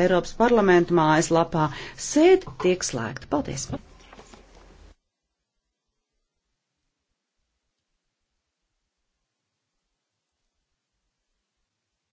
Eiropas parlamenta mājaslapā. Sēde tiek slēgta. Paldies!